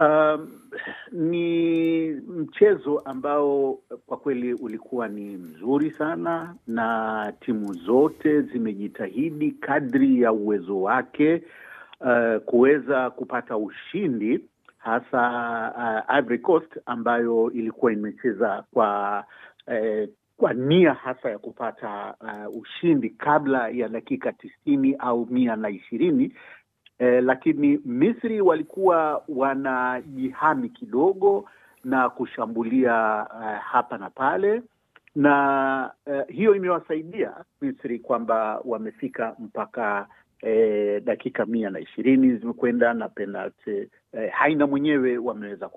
Um, ni mchezo ambao kwa kweli ulikuwa ni mzuri sana na timu zote zimejitahidi kadri ya uwezo wake uh, kuweza kupata ushindi hasa uh, Ivory Coast ambayo ilikuwa imecheza kwa uh, kwa nia hasa ya kupata uh, ushindi kabla ya dakika tisini au mia na ishirini eh, lakini Misri walikuwa wanajihami kidogo na kushambulia eh, hapa na pale na eh, hiyo imewasaidia Misri kwamba wamefika mpaka eh, dakika mia na ishirini zimekwenda na penalti eh, haina mwenyewe wameweza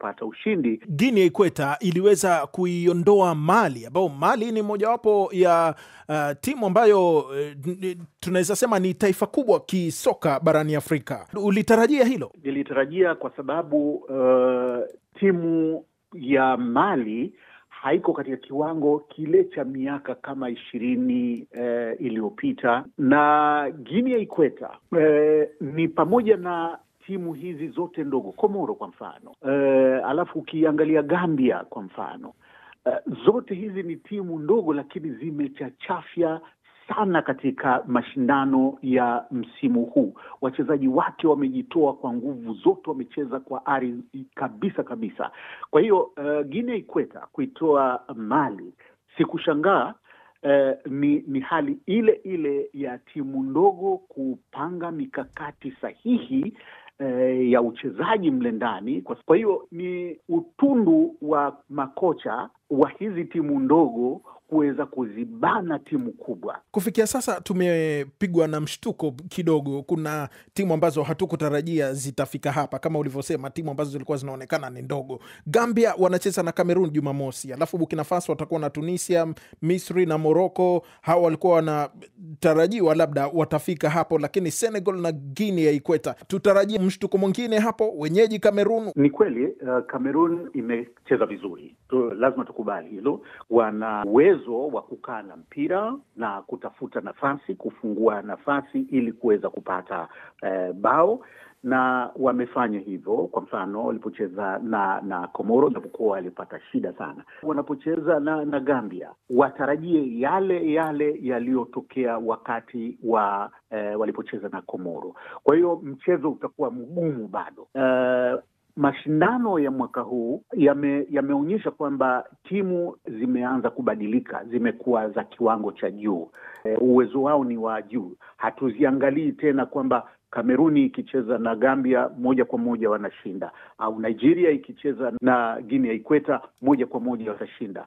kupata ushindi. Guinea Ikweta iliweza kuiondoa Mali, ambayo Mali ni mojawapo ya uh, timu ambayo uh, tunaweza sema ni taifa kubwa kisoka barani Afrika. Ulitarajia hilo? Nilitarajia kwa sababu uh, timu ya Mali haiko katika kiwango kile cha miaka kama ishirini eh, iliyopita na Guinea Ikweta eh, uh, ni pamoja na timu hizi zote ndogo, Komoro kwa mfano uh, alafu ukiangalia Gambia kwa mfano uh, zote hizi ni timu ndogo, lakini zimechachafya sana katika mashindano ya msimu huu. Wachezaji wake wamejitoa kwa nguvu zote, wamecheza kwa ari kabisa kabisa. Kwa hiyo uh, Guinea Ikweta kuitoa Mali sikushangaa. Uh, ni, ni hali ile ile ya timu ndogo kupanga mikakati sahihi e, ya uchezaji mle ndani. Kwa hiyo ni utundu wa makocha wa hizi timu ndogo kuweza kuzibana timu kubwa. Kufikia sasa tumepigwa na mshtuko kidogo. Kuna timu ambazo hatukutarajia zitafika hapa, kama ulivyosema, timu ambazo zilikuwa zinaonekana ni ndogo. Gambia wanacheza na Cameroon Jumamosi, alafu Burkina Faso watakuwa na Tunisia, Misri na Moroko. Hawa walikuwa wanatarajiwa labda watafika hapo, lakini Senegal na Guinea ya Ikweta, tutarajia mshtuko mwingine hapo. Wenyeji Cameroon, ni kweli uh, Cameroon imecheza vizuri tu, lazima tukubali hilo, wana uwezo uwezo wa kukaa na mpira na kutafuta nafasi, kufungua nafasi ili kuweza kupata eh, bao na wamefanya hivyo. Kwa mfano walipocheza na na Komoro, japokuwa walipata shida sana. Wanapocheza na na Gambia, watarajie yale yale yaliyotokea wakati wa eh, walipocheza na Komoro. Kwa hiyo mchezo utakuwa mgumu bado. Eh, mashindano ya mwaka huu yame, yameonyesha kwamba timu zimeanza kubadilika, zimekuwa za kiwango cha juu e, uwezo wao ni wa juu. Hatuziangalii tena kwamba Kameruni ikicheza na Gambia moja kwa moja wanashinda, au Nigeria ikicheza na Guinea Ikweta moja kwa moja watashinda,